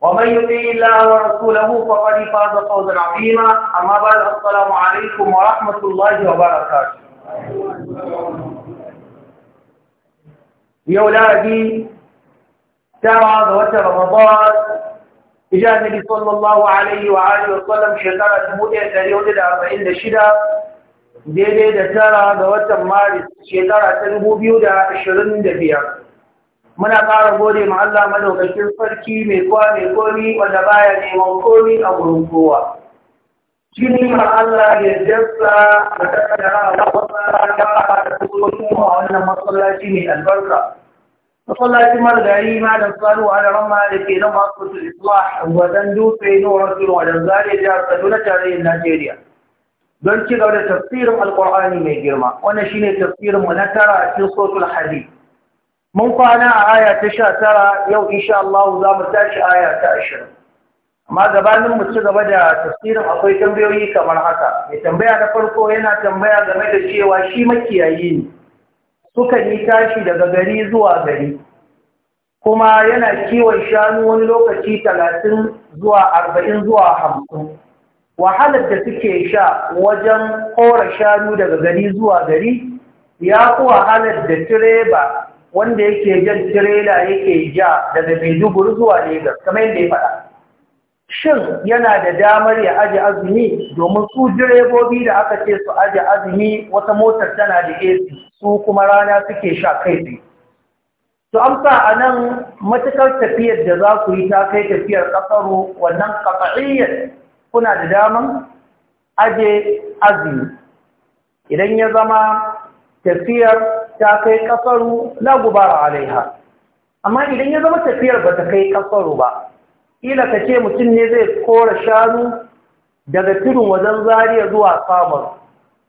ومن يطع الله ورسوله فقد فاز فوزا عظيما اما بعد السلام عليكم ورحمه الله وبركاته يا اولادي ترى وتر رمضان إجا النبي صلى الله عليه وآله وسلم شكرا الذي تريود الأربعين لشدة دي ده ترى وتر مارس شهر 2025 muna ƙara gode ma Allah madaukakin sarki mai kwa mai komi wanda baya neman komi a gurin kowa shi ma Allah ya jasa a tattara wasa ya fara da kuma a wannan masallaci mai albarka masallaci margari ma da tsaro a da rama da ke na masu islah wajen dutse nuwar wajen zare jihar kaduna tarayyar najeriya don ci gaba da tafsirin alƙur'ani mai girma wannan shine tafsirin mu na tara a cikin sosul hadith mun kwana a aya ta sha tara yau insha Allah za mu tashi aya ta ashirin amma gabanin mu ci gaba da tafsirin akwai tambayoyi kamar haka mai tambaya na farko yana tambaya game da cewa shi makiyayi ne sukan yi tashi daga gari zuwa gari kuma yana kiwon shanu wani lokaci talatin zuwa arba'in zuwa hamsin wahalar da suke sha wajen kora shanu daga gari zuwa gari ya fi wahalar da tireba. wanda yake jan tirela yake ja daga Maiduguri zuwa Lagos kamar yadda ya faɗa shin yana da damar ya aje azumi domin su direbobi da aka ce su aje azumi wata motar tana da AC su kuma rana suke sha kai tsaye to amsa a nan matukar tafiyar da za ku yi ta kai tafiyar ƙasaro wannan ƙafa'iyyar kuna da damar aje azumi idan ya zama tafiyar ta kai kasaru la gubara alaiha amma idan ya zama tafiyar ba ta kai kasaru ba ila ka ce mutum ne zai kora shanu daga tudun wajen zariya zuwa samun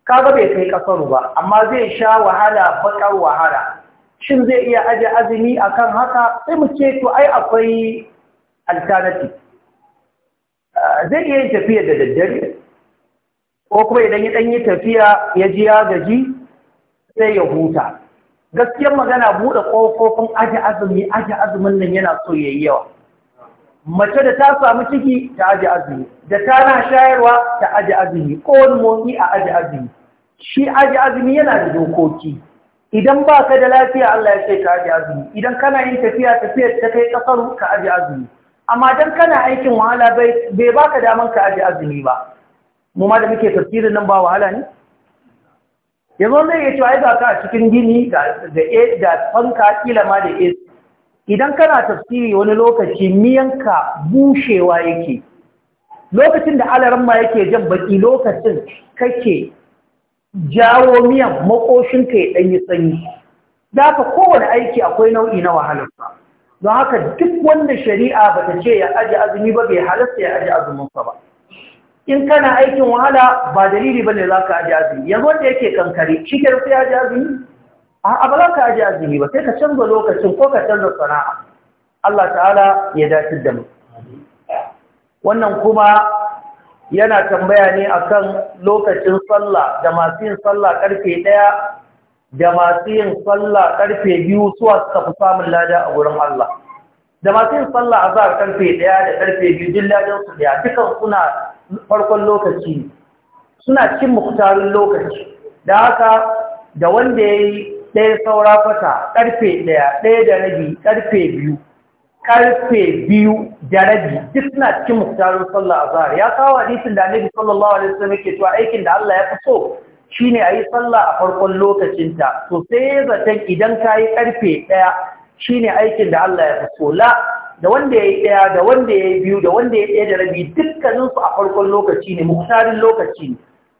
kaga bai kai kasaru ba amma zai sha wahala bakar wahala shin zai iya aje azumi akan haka sai mu ce to ai akwai alternative ah, zai iya yin tafiya da daddare ko kuma idan ya yi tafiya ya ji ya gaji sai ya huta gaskiyar magana buɗe ƙofofin aji azumi aji azumin nan yana so ya yi yawa mace da ta samu ciki ta aji azumi da ta na shayarwa ta aji azumi ko wani motsi a aji azumi shi aji azumi yana da dokoki idan ba ka da lafiya Allah ya ce ka aji azumi idan kana yin tafiya tafiya ta kai ƙasar ka aji azumi amma dan kana aikin wahala bai baka daman ka aji azumi ba mu ma da muke tafsirin nan ba wahala ne yanzu ya ce wa ya a cikin gini da fanka kila ma da es idan kana tafsiri wani lokaci miyanka bushewa yake lokacin da alaramma yake jan baki lokacin kake jawo miyan makoshinka ya ɗanyi sanyi da ka kowane aiki akwai nau'i na wahalarsa don haka duk wanda shari'a ba ta ce ya aji azumi ba bai halarsa ya aji sa ba in kana aikin wahala ba dalili bane za ka aji azumi yanzu wanda yake kankare shi ke sai aji azumi a ba za ka aji azumi ba sai ka canza lokacin ko ka canza sana'a Allah ta'ala ya dace da mu wannan kuma yana tambaya ne akan lokacin sallah da masu yin sallah karfe ɗaya da masu yin sallah karfe biyu zuwa suka fi samun lada a wurin Allah da masu yin sallah a za a karfe ɗaya da karfe biyu jin ladan su ɗaya dukan suna farkon lokaci suna cin muktarin lokaci da haka da wanda ya yi ɗaya saura fata ƙarfe ɗaya ɗaya da rabi ƙarfe biyu ƙarfe biyu da rabi duk suna cikin muktarin sallah a zahar ya kawo hadisin da annabi sallallahu alaihi wasallam yake cewa aikin da Allah ya fi so shine ayi sallah a farkon lokacinta to sai zaton idan yi ƙarfe ɗaya shine aikin da Allah ya fi so la da wanda ya yi ɗaya da wanda ya yi biyu da wanda ya yi ɗaya da rabi dukkaninsu a farkon lokaci ne muktarin lokaci ne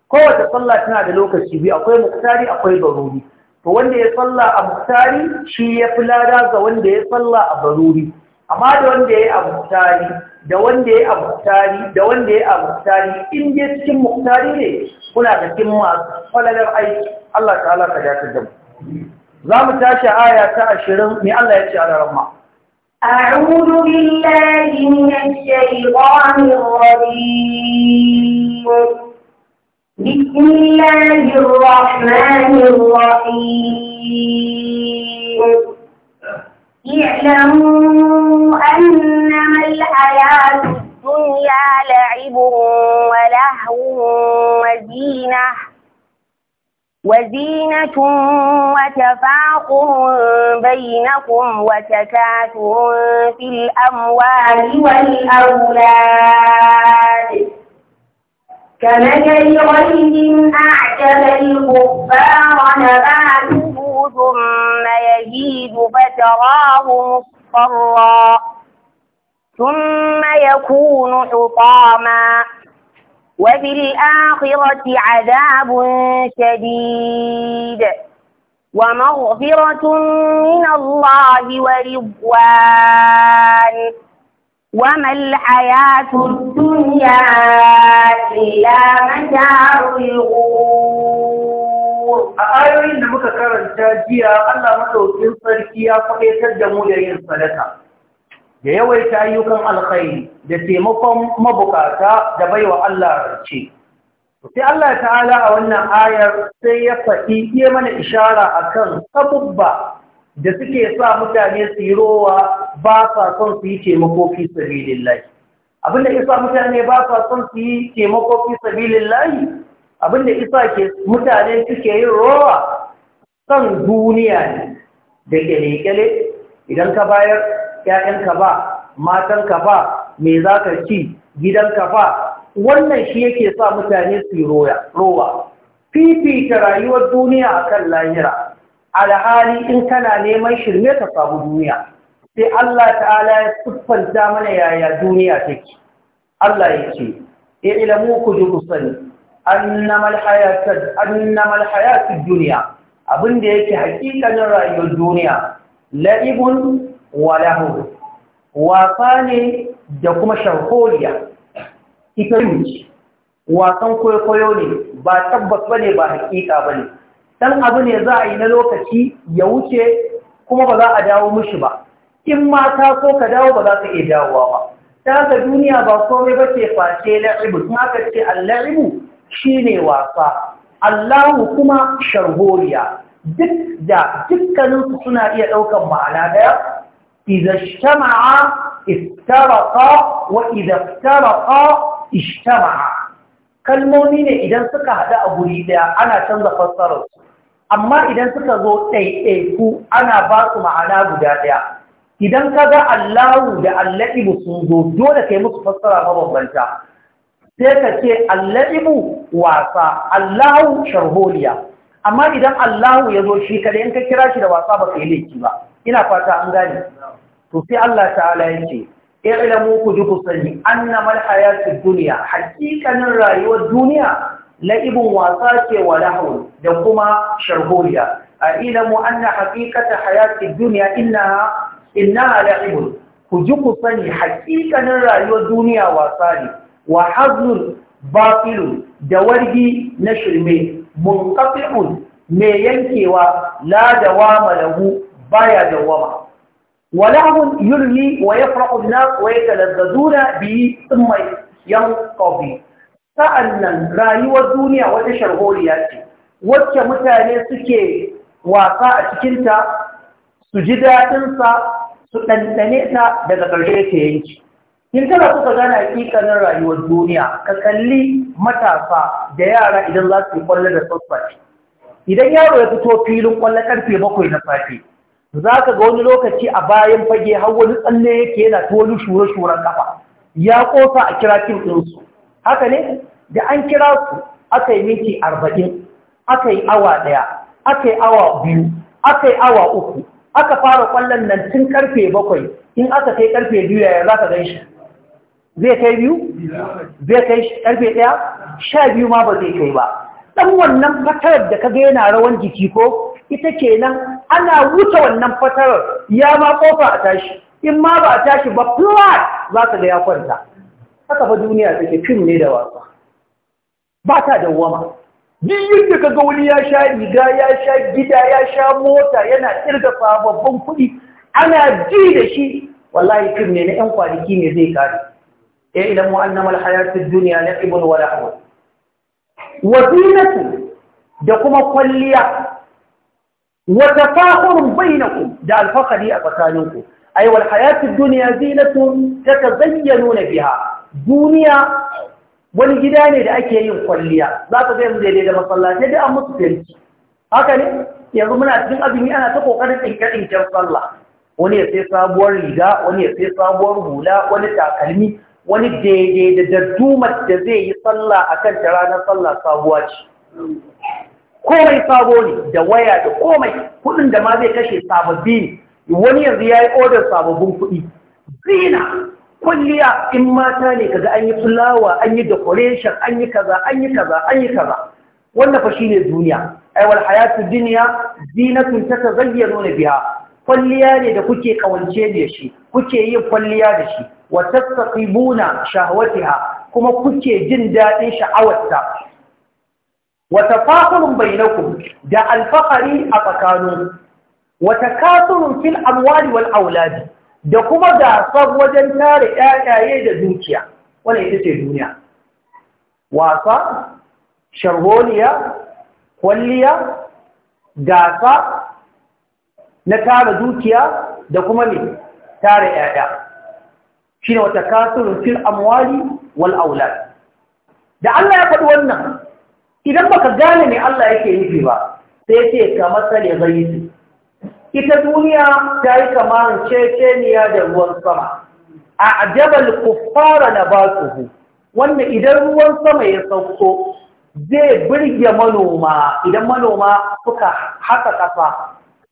kowace sallah tana da lokaci biyu akwai muktari akwai baruri to wanda ya salla a muktari shi ya fi lada ga wanda ya salla a baruri amma da wanda ya yi a muktari da wanda ya yi a muktari da wanda ya yi a muktari in dai cikin muktari ne kuna da cikin masu falalar aiki Allah ta'ala ka dace da mu za mu tashi aya ta ashirin me Allah ya ce a ramma أعوذ بالله من الشيطان الرجيم بسم الله الرحمن الرحيم اعلموا أنما الحياة الدنيا لعب ولهو وزينه وزينة وتفاقر بينكم وتكاثر في الأموال والأولاد كمثل غيث أعجب الكفار نباته ثم يهيد فتراه مصفرا ثم يكون حطاما وفي الآخرة عذاب شديد ومغفرة من الله ورضوان وما الحياة الدنيا إلا متاع الغرور أقول آية إن مكة كرن تاجية ألا مكة وكين صرفية فقيتد مولين da yawaita ayyukan alkhairi da taimakon mabukata da baiwa Allah rance sai Allah ta'ala a wannan ayar sai ya faɗi iya mana ishara a kan abubba da suke sa mutane su yi rowa ba sa son su yi taimako fi Abin da isa mutane ba sa son su yi taimako fi abin da isa ke mutane suke yin rowa kan duniya ne da kyale-kyale idan ka bayar ‘ya'yanka ba, matanka ba, me za ka ci, gidanka ba, wannan shi yake sa mutane su yi rowa. Fifita rayuwar duniya a kan lahira, alhali in kana neman shirme ka samu duniya, sai Allah ta'ala ya siffanta mana yaya duniya take. Allah ya ce, “Ya ilamu ku ji kusani, annamal hayatun duniya, abinda yake hakikanin rayuwar duniya, la'ibun wa wasa ne da kuma sharholiya ita ce wasan kwaikwayo ne ba tabbas ba ne ba hakika ba ne abu ne za a yi na lokaci ya wuce kuma ba za a dawo mushi ba in ma ta so ka dawo ba za ka iya dawowa ba ta ga duniya ba komai ba ce face la'ibu kuma aka ce alla'ibu shi ne wasa allahu kuma sharholiya duk da dukkaninsu suna iya ɗaukan ma'ana ɗaya إذا اجتمع افترقا وإذا افترقا اجتمع kalmomi ne idan suka haɗu a guri ɗaya ana canza fassararsu amma idan suka zo ɗaiɗaiku ana basu ma'ana guda ɗaya idan ka ga allahu da alla'ibu sun zo dole ka musu fassara mabambanta sai ka ce alla'ibu wasa allahu sharholiya amma idan Allahu ya zo shi kada in ka kira shi da wasa ba kai laifi ba ina fata an gane to sai Allah ta'ala yake i'lamu ku duku sani annama al-hayatud dunya haqiqanin rayuwar duniya la'ibun wasa ce wa lahul da kuma sharholiya a ilamu anna haqiqata hayati dunya innaha innaha la'ibun ku ji sani haqiqanin rayuwar duniya wasa ne wa hazlul batilun da wargi na shirme munqati'un mai yankewa la dawama lahu baya dawama ولهم يلهي ويفرح الناس ويتلذذون به ثم ينقضي sa'annan rayuwar duniya wata sharholiya ce wacce mutane suke wasa a cikinta su ji daɗinsa su dandane ta daga ƙarshe ta yanki in tana so ka gane hakikanin rayuwar duniya ka kalli matasa da yara idan za su yi kwallo da sassafe idan yaro ya fito filin kwallo karfe bakwai na safe za ka ga wani lokaci a bayan fage har wani tsalle yake yana ta wani shure-shuren kafa ya kosa a kira tim ɗinsu haka ne da an kira su aka yi minti arba'in aka yi awa ɗaya aka yi awa biyu aka yi awa uku aka fara kwallon nan tun karfe bakwai in aka kai karfe biyu yaya za ka gan shi zai kai biyu zai kai karfe ɗaya sha biyu ma ba zai kai ba ɗan wannan fatarar da ka ga yana rawan jiki ko ita ke nan ana wuce wannan fatarar ya ma kofa a tashi in ma ba a tashi ba flat za ka ga ya kwanta haka fa duniya take fim ne da wasa ba ta dawwama duk yadda ga wani ya sha riga ya sha gida ya sha mota yana kirga babban kuɗi ana ji da shi wallahi fim ne na 'yan kwanaki ne zai kare Eh idan اعلموا انما الحياه في الدنيا لعب ولهو وزينه دكما كليا وتفاخر بينكم ده الفقدي اتكانكم اي والحياه في الدنيا زينه تتزينون بها Duniya wani gida ne da ake yin kwalliya za ta zai daidai da matsalashe da an mutu yanki haka ne yanzu muna cikin abini ana ta kokarin tsinkaɗin kyan tsalla wani ya sai sabuwar riga wani ya sai sabuwar hula wani takalmi wani daidai da dardumar da zai yi sallah a kan ranar sallah sabuwa ce komai sabo ne da waya da komai kudin da ma zai kashe sababbi wani yanzu ya yi odar sababbin kudi zina kulliya in mata ne kaga an yi fulawa an yi decoration an yi kaza an yi kaza an yi kaza wannan fa shine duniya ai wal hayatu dunya zinatun tatazayyanu biha kulliya ne da kuke kawance da shi kuke yin kulliya da shi wa tastaqibuna shahwatiha kuma kuke jin daɗin sha'awarta Wata tafakhurun bainaku da alfaqari a tsakaninku wata takasurun fil amwali auladi da kuma gasar wajen tare ƴaƴaye da dukiya wannan ita ce duniya wasa sharwoniya, kwalliya gasa na tara dukiya da kuma ne tare ƴaƴa shine wata kasurun fil amwali wal aulad da Allah ya faɗi wannan idan baka gane me Allah yake yi ba sai ce ka matsale ghaisi ita duniya ta yi kamar ceceniya da ruwan sama a ajabal kuffara nabatuhu wanda idan ruwan sama ya sauko zai birge manoma idan manoma suka haka ƙasa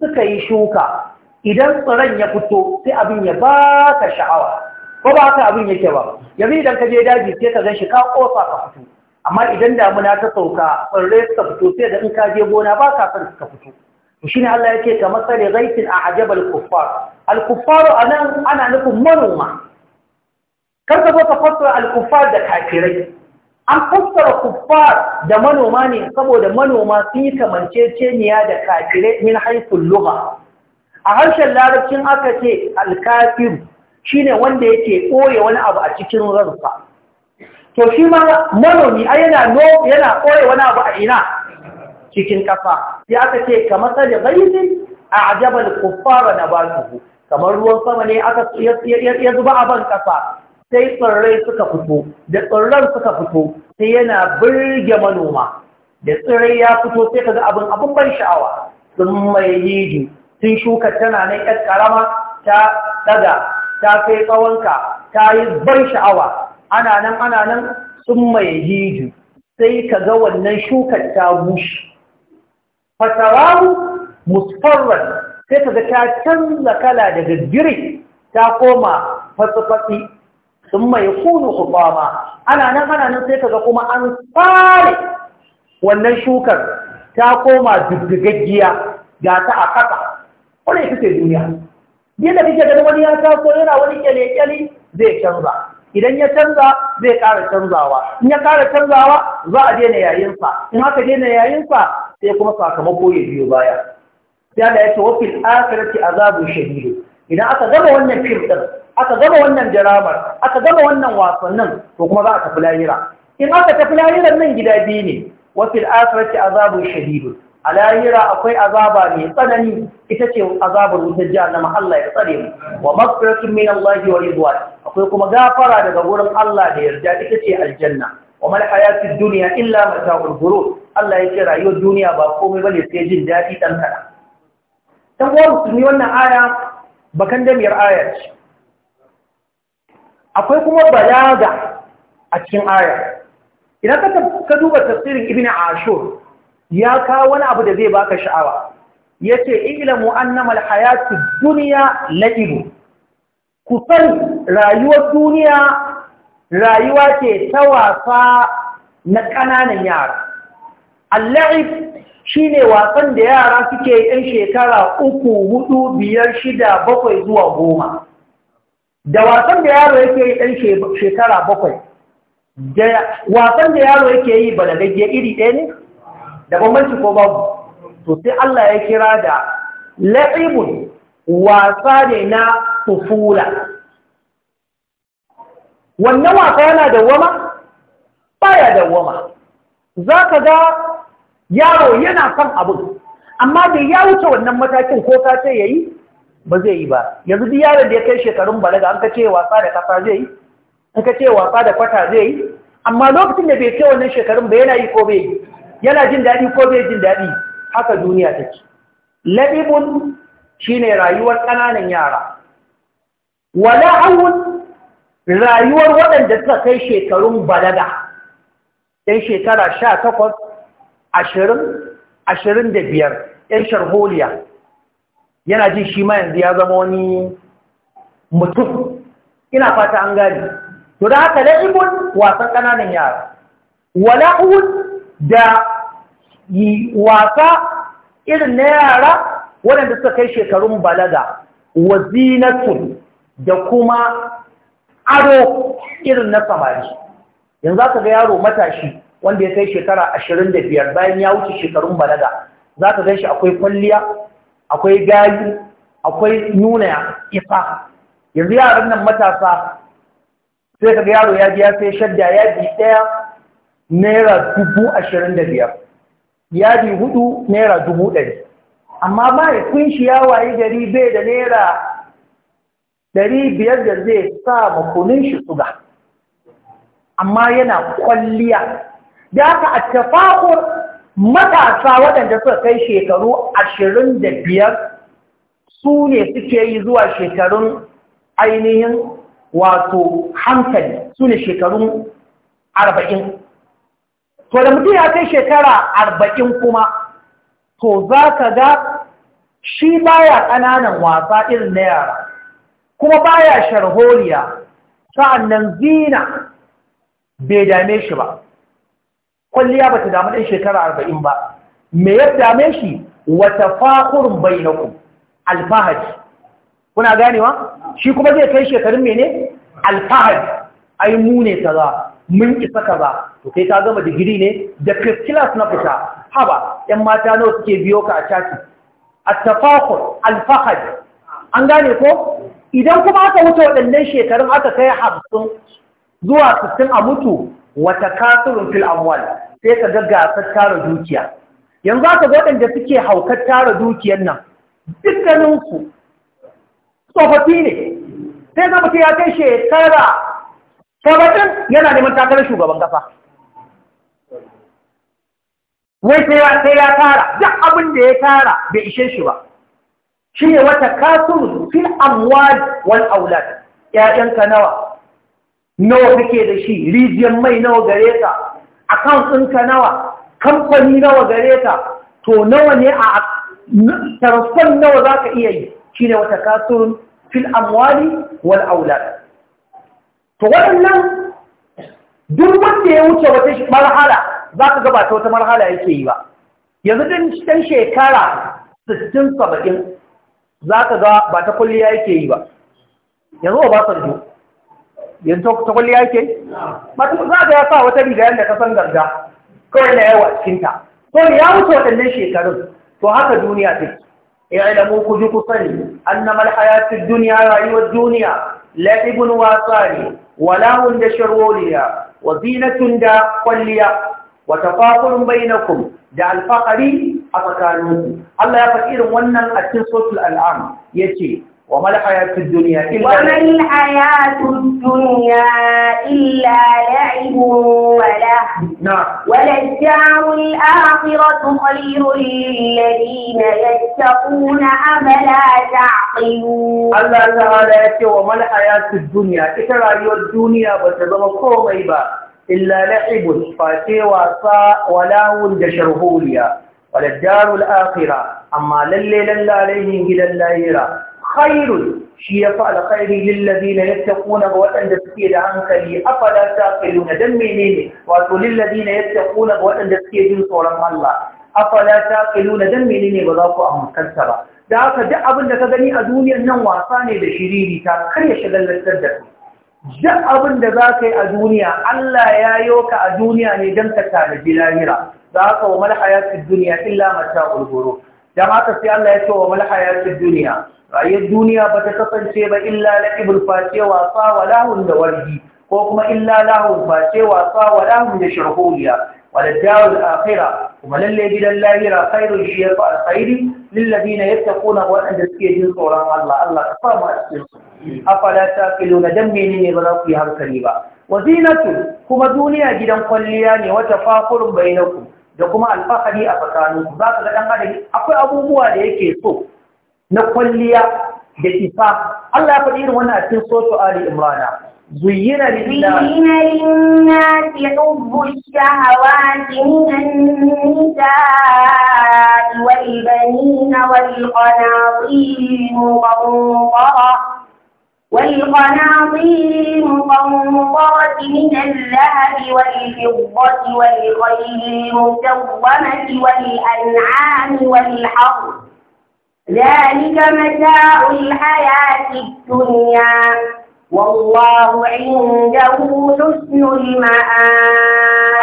suka yi shuka idan tsiran ya fito sai abin ya ba ka sha'awa ko ba haka abin yake ba yanzu idan ka je daji sai ka ganshi ka kofa ka fito amma idan damuna ta sauka tsirrai suka fito sai da in ka je gona ba ka san suka fito to shine Allah yake ka masali ghaitin a ajabal kuffar al kuffar anan ana nufin manoma kar ka zo ka fassara al kuffar da kafirai an fassara kuffar da manoma ne saboda manoma sun yi kamanceceniya da kafirai min haifin lugha a harshen larabcin aka ce al Shi ne wanda yake ɓoye wani abu a cikin ransa to shi ma manomi a yana yana ɓoye wani abu a ina cikin ƙasa sai aka ce kamar sa da bayin a ajabar kufara na ba batuhu kamar ruwan sama ne aka ya zuba a ban ƙasa sai tsirrai suka fito da tsirran suka fito sai yana birge manoma da tsirrai ya fito sai ka ga abin abin ban sha'awa sun mai hiji sun shuka tana nan ƴar ƙarama ta ɗaga ta kai tsawonka ta yi ban sha'awa ana nan ana nan sun mai hiji. sai ka ga wannan shukar ta bushe fatararu musfarar sai ka ga ta canza kala daga gire ta koma fatsi sun mai kunu kubama ana nan ana nan sai ka ga kuma an fare wannan shukar ta koma diddigaggiya ga ta a kasa kwanai ita ce duniya yadda kake ganin wani ya taso yana wani kyale-kyale zai canza idan ya canza zai ƙara canzawa in ya ƙara canzawa za a daina yayinsa in aka daina yayinsa sai kuma sakamako ya biyo baya sai da ya ce wafil akhirati azabu shadid idan aka gama wannan fim din aka gama wannan jaramar aka gama wannan wasannin to kuma za a tafi lahira in aka tafi lahiran nan gida biyu ne wafil akhirati azabu shadid a lahira akwai azaba mai tsanani ita ce azabar wutar jahannama Allah ya tsare mu wa maghfiratun min Allah wa ridwan akwai kuma gafara daga wurin Allah da yarda ita ce aljanna wa mal hayatud dunya illa mata'ul ghurur Allah ya ce rayuwar duniya ba komai bane sai jin daɗi dan kada dan uwa musulmi wannan aya bakan damiyar aya ce akwai kuma balaga a cikin aya idan ka duba tafsirin ibn ashur ya kawo wani abu da zai baka sha'awa yace ilamu annama alhayatu dunya laibu ku san rayuwar duniya rayuwa ce ta wasa na ƙananan yara Alla'ib shine wasan da yara suke yin shekara uku hudu biyar shida bakwai zuwa goma da wasan da yaro yake yi ɗan shekara bakwai da wasan da yaro yake yi balagagge iri ɗaya ne da bambanci ko babu to sai Allah ya kira da la'ibun wasa ne na tufula wannan wasa yana da wama baya da wama za ga yaro yana son abun. amma da ya wuce wannan matakin ko ka ce yayi yi ba zai yi ba yanzu duk yaron da ya kai shekarun balaga an ka ce wasa da kasa zai yi an ka ce wasa da kwata zai yi amma lokacin da bai kai wannan shekarun ba yana yi ko bai yana jin daɗi ko bai jin daɗi haka duniya take shi ne rayuwar ƙananan yara wala'awun rayuwar waɗanda suka kai shekarun balaga ɗan shekara sha takwas ashirin ashirin da biyar ɗan sharholiya yana jin shi ma yanzu ya zama wani mutum ina fata an gani to da haka la'ibun wasan ƙananan yara wala'un da yi wasa irin na yara waɗanda suka kai shekarun balaga wa zinatun da kuma aro irin na samari yanzu aka ga yaro matashi wanda ya kai shekara ashirin da biyar bayan ya wuce shekarun balaga za ka gan shi akwai kwalliya akwai gayi akwai nuna ifa. yanzu yaran nan matasa sai ka ga yaro ya biya sai shadda ya biya ɗaya naira dubu ashirin da biyar yadi hudu naira dubu ɗari amma mahaifin shi ya waye gari bai da naira ɗari biyar da zai sa makonin shi suga amma yana kwalliya da aka a tafakur matasa waɗanda suka kai shekaru ashirin da biyar su ne suke yi zuwa shekarun ainihin wato hankali su ne shekarun arba'in to da mutum ya kai shekara arba'in kuma to za ka ga shi baya ƙananan wasa irin na yara kuma baya sharholiya sa'annan zina bai dame shi ba kwalliya ba ta damu ɗan shekara arba'in ba me ya dame shi wata fakurin ku. alfahari kuna ganewa shi kuma zai kai shekarun mene alfahari ai mu ne ta za mun isa ba to kai ka gama digiri ne da class na fita haba yan mata nawa suke biyo ka a caki at-tafaqur al-fahd an gane ko idan kuma aka wuce waɗannan shekarun aka kai hamsin zuwa sittin a mutu wata kasurin fil amwal sai ka ga gasar tara dukiya yanzu aka ga waɗanda suke haukar tara dukiyar nan dukkaninsu tsofaffi ne sai ga mutum ya kai shekara sabatin yana neman takarar shugaban kasa wai sai ya tara duk abin da ya tara bai ishe shi ba shi ne wata kasur fil amwal wal aulad ka nawa nawa kake da shi rijiyar mai nawa gare ka account ɗinka nawa kamfani nawa gare ka to nawa ne a tarfon nawa zaka iya yi shi ne wata kasurun fil amwali wal aulad to waɗannan duk wanda ya wuce wata marhala za ka gabata wata marhala yake yi ba yanzu ɗin cikin shekara 60 70 za ka ga ba ta kulliya yake yi ba yanzu ba sanjo yanzu ta kulliya yake ba ta za ka ya sa wata riga yadda ka san garga kawai na yawa cikinta to ya wuce waɗannan shekarun to haka duniya mu take اعلموا كجكسني أنما Duniya rayuwar duniya, laifin wasa ne. walawun da sharwoliya wa zinatun da kwalliya wa tafakurun bainakum da alfahari a tsakaninku Allah ya faɗi irin wannan a cikin sotul al'am yace وما الحياة الدنيا إلا وما الحياة الدنيا إلا لعب ولا نعم وللدار الآخرة خير للذين يتقون أفلا تعقلون الله تعالى يقول وما الحياة الدنيا إترى الدنيا بتضمكم أيبا إلا لعب فاتي وصاء ولهو دشرهوليا وللدار الآخرة أما للي لله عليه إلى اللاهرة khairun shi ya fi alkhairi lillazi na yadda kuna ga waɗanda suke da hankali afala ta kayu na dan menene wato lillazi na yadda kuna ga waɗanda suke jin tsoron Allah afala ta kayu na dan menene ba za ku hankalta ba da haka duk abin da ka gani a duniyar nan wasa ne da shiriri ta kar ya shagalantar da ku duk abin da za ka yi a duniya Allah ya yo ka a duniya ne don ka tanaji lahira za ka wa mal duniya illa mata ghurur dan haka sai Allah ya ce wa mal duniya, dunya rayuwar duniya bata kasance ba illa la'ibul face wasa wa lahun da wargi ko kuma illa lahun face wasa wa lahun da sharholiya wa da darul akhirah kuma lalle gidan lahira khairul shi ya fa alkhairi lil ladina yattaquna wa waɗanda suke jin tsoron Allah Allah ka sa mu cikin su afala taqiluna dan menene ba za ku yi hankali ba Waziratu, kuma duniya gidan kwalliya ne wata fakurun bainakum da kuma alfahari a tsakaninku za ka ga ɗan adam akwai abubuwa da yake so na kwalliya da isa Allah ya faɗi irin wannan a cikin sosu Ali Imrana زين للناس والقناطير المقنطرة من الذهب والفضة والخيل المسومة والأنعام والحرث ذلك متاع الحياة الدنيا والله عنده حسن المآب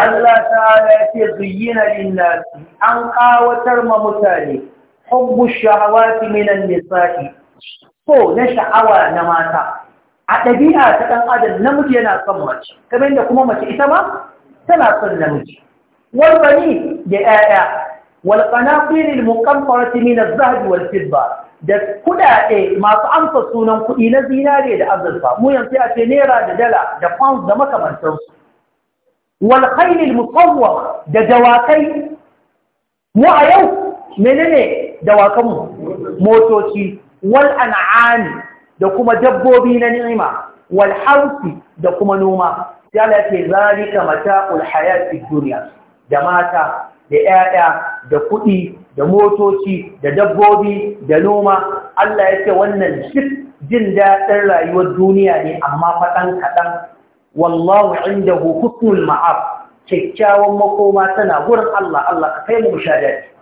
الله تعالى زين للناس أن وترمى مثالي حب الشهوات من النساء Ko na sha'awa na mata a ɗabi'a ta ɗan adam namiji yana son mace kamar yadda kuma mace ita ma tana son namiji wal bani da 'ya'ya wal qanatir al min az-zahab wal fidda da kuɗaɗe masu amsa sunan kuɗi na zinare da azurfa mu yanzu a ce naira da dala da pounds da makamantansu wal khayl al da dawakai mu a yau menene dawakan motoci wal an'ami da kuma dabbobi na ni'ima wal harfi da kuma noma sai Allah yake zalika mata'ul hayati duniya da mata da 'ya'ya, da kuɗi da motoci da dabbobi da noma Allah ya ce wannan duk jin daɗin rayuwar duniya ne amma faɗan kaɗan wallahu inda husnul ma'ab kyakkyawan makoma tana burin Allah Allah ka kai mu shadadi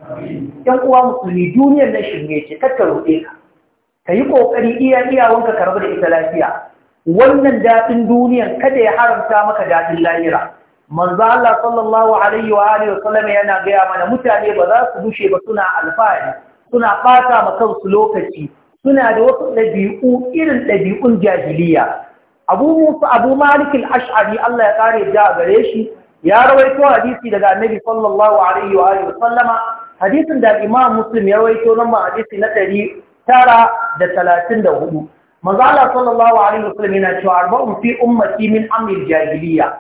yan uwa musulmi duniyar na shirme ce kakka roƙe ka ka yi ƙoƙari iya iyawanka ka da ita lafiya wannan daɗin duniyan kada ya haramta maka daɗin lahira manzo Allah sallallahu alaihi wa alihi wasallam yana gaya mana mutane ba za su bushe ba suna alfahari suna fata ma kansu lokaci suna da wasu ɗabi'u irin ɗabi'un jahiliya Abu Musa Abu Malik al-Ash'ari Allah ya kare da gare shi ya rawaito hadisi daga Annabi sallallahu alaihi wa alihi wasallama hadisin da Imam Muslim ya rawaito nan ma hadisi na ɗari tara da talatin da hudu mazala sallallahu alaihi wasallam yana cewa arba'un fi ummati min amir jahiliya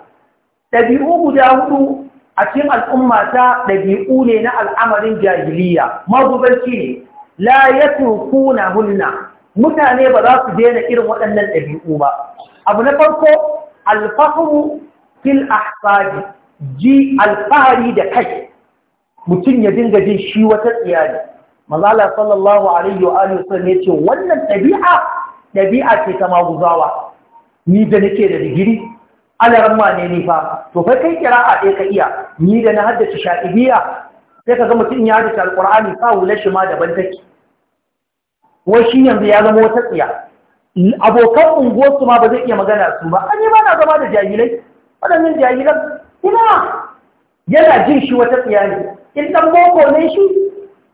Ɗabi'u guda hudu a cikin al'umma ta dabi'u ne na al'amarin jahiliya magubarci ne la yatrukuna hunna mutane ba za su daina irin waɗannan ɗabi'u ba abu na farko alfahru fil ahsadi ji alfahari da kai mutum ya dinga jin shi wata tsiyari mazala sallallahu alaihi wa alihi wasallam ce wannan ɗabi'a ɗabi'a ce ta maguzawa ni da nake da digiri alaran ma ne ni fa to fa kai a ɗaya ka iya ni da na haddace sha'ibiya sai ka ga mutum ya haddace alqur'ani fa wula shi ma daban take wai shi yanzu ya zama wata tsiya abokan unguwarsu ma ba zai iya magana su ba an yi ba na zama da jahilai waɗannan jahilan ina yana jin shi wata tsiya ne in ɗan boko ne shi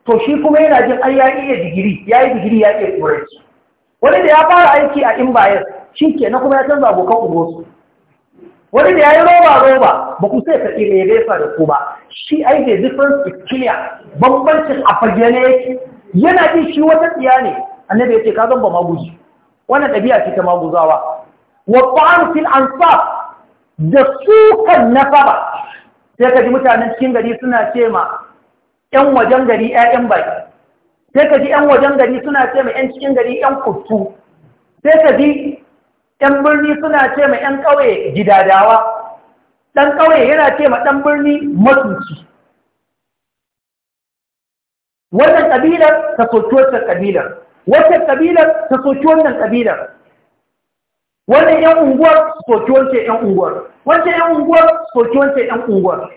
to shi kuma yana jin ai ya iya digiri ya yi digiri ya iya turanci wani da ya fara aiki a in bayan shi ke na kuma ya canza abokan ugosu wani da ya yi roba roba ba ku sai ka tsire ya da ku ba shi ai da difference is clear bambancin a fagene yake yana ji shi wata tsiya ne annabi ya ce ka zan ba maguji wannan ɗabi'a ce ta maguzawa wa ta'an fil ansaf da sukan nasaba sai ka ji mutanen cikin gari suna ce ma 'yan wajen gari 'ya'yan baki sai ka ji 'yan wajen gari suna ce mai 'yan cikin gari 'yan kuttu sai ka ji 'yan birni suna ce mai 'yan ƙauye gidadawa ɗan ƙauye yana ce mai ɗan birni matuci wannan ƙabilar ta soki wannan ƙabilar wannan ƙabilar ta soki wannan ƙabilar wannan 'yan unguwar soki wancan 'yan unguwar wancan 'yan unguwar soki wancan 'yan unguwar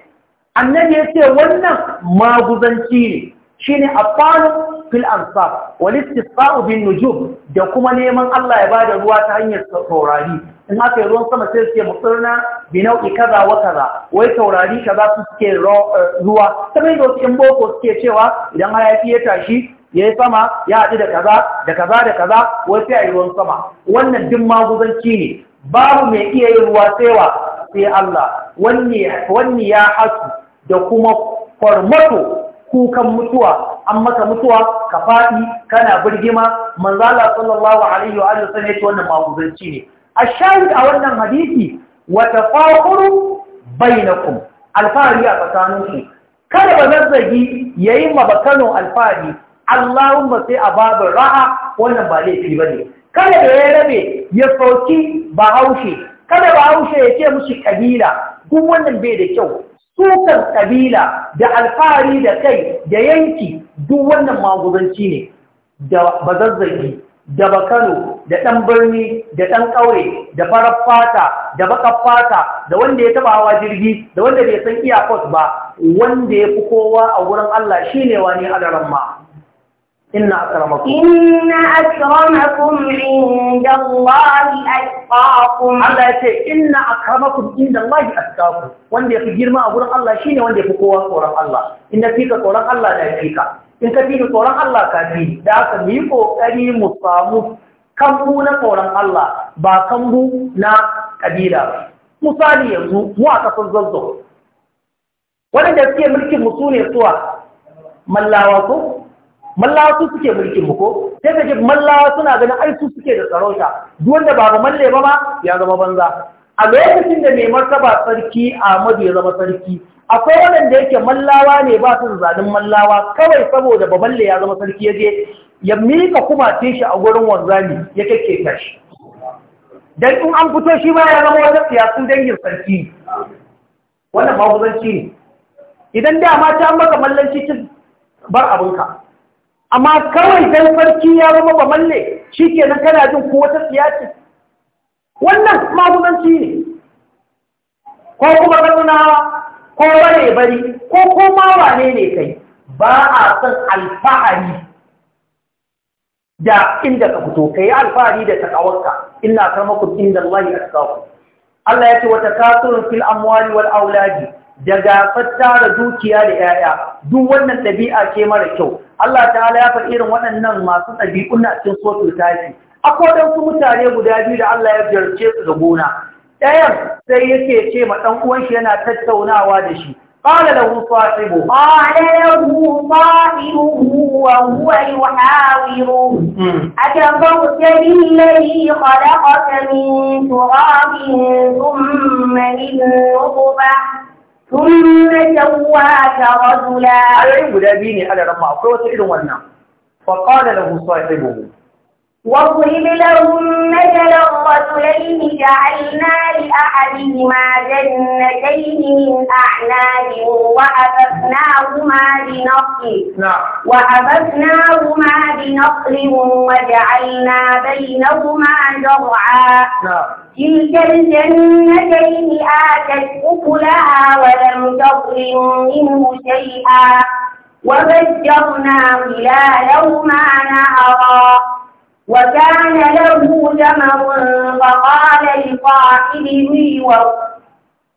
annabi ya ce wannan maguzanci ne shi ne afalu fil ansar walittisfa'u bin nujum da kuma neman Allah ya bada ruwa ta hanyar taurari in aka yi ruwan sama sai suke mutsirna bi nau'i kaza wa kaza wai taurari kaza su suke eh, ruwa kamar da wasu in boko suke cewa idan hayaki ya tashi ya yi sama ya haɗu da kaza da kaza da kaza wai sai a yi ruwan sama wannan duk maguzanci ne babu mai iya yin ruwa sai wa sai Allah wanne ya hasu da kuma kwarmato kukan mutuwa an maka mutuwa ka faɗi kana birgima manzala sallallahu alaihi wa alihi wannan maguzanci ne a shahid a wannan hadisi wa tafaquru bainakum alfari a tsakaninku kada ba zazzagi yayi mabakano alfari Allahumma sai a babu ra'a wannan ba laifi bane kada da ya rabe ya sauki ba kada ba haushe ya ce mushi kabila duk wannan bai da kyau sukan kabila da alfahari da kai da yanki duk wannan magudanci ne da bazazzagi da bakano da ɗan birni da ɗan ƙauye da farar fata da bakar fata da wanda ya taba hawa jirgi da wanda bai san iyakos ba wanda ya fi kowa a wurin Allah shi ne wani adaran ma إن أكرمكم إن أكرمكم عند الله أتقاكم الله يقول إن أكرمكم عند الله أتقاكم وان يقول جرما أقول الله شين وان يقول قوة قرآن الله إن فيك قرآن الله لا فيك إن فيك قرآن الله كذي ذاك ميكو كريم مصابو kambu na tsoron Allah ba kambu na ƙabila ba. Misali yanzu mu a ƙasar zazzo. Waɗanda suke mulkin musu ne suwa mallawa ko mallawa su suke mulkin mu ko sai ka ji mallawa suna ganin ai su suke da tsarauta. duk wanda ba malle ba ma ya zama banza a lokacin da mai martaba sarki Ahmadu ya zama sarki akwai waɗanda yake mallawa ne ba su zanen mallawa kawai saboda ba malle ya zama sarki ya je ya mika kuma shi a gurin wanzami ya kake tashi dan in an fito shi ma ya zama wata siyasun dangin sarki wannan mafuzanci ne idan da ma ta maka mallanci cin bar abinka amma kawai dan sarki ya zama ba malle shi ke nan kana jin ko wata siyasa. wannan magunanci ne ko kuma kanuna ko bare bari ko koma wane ne kai ba a san alfahari da inda ka fito kai alfahari da takawarka inna karmakum inda Allah ya takawu Allah ya ce wata kasuwar fil amwali wal auladi da gafar tara dukiya da ‘ya'ya, duk wannan ɗabi'a ce mara kyau. Allah ta'ala ya faɗi irin waɗannan masu ɗabi'un na cikin sotu tafi. Akwai don su mutane guda biyu da Allah ya jarce su da gona. Ɗayan sai yake ce ma ɗan uwan shi yana tattaunawa da shi. Ƙala lahu sahibu. Ƙala lahu sahibu wa huwa yuhawiru. Hmm. Ajabauta billahi khalaqaka min turabin thumma min nutfah tun yan uwa ta wazula. Ayoyin guda biyu ne a da rama akwai wata irin wannan. Fakawar da na huso ya واضرب لهم مثلا رجلين جعلنا لأحدهما جنتين من أعناب وحبسناهما بنقل نعم. وحبسناهما بنقل وجعلنا بينهما زرعا نعم تلك الجنتين آتت أكلها ولم تظلم منه شيئا وفجرنا خلالهما نهرا وكان له ثمر فقال لصاحبه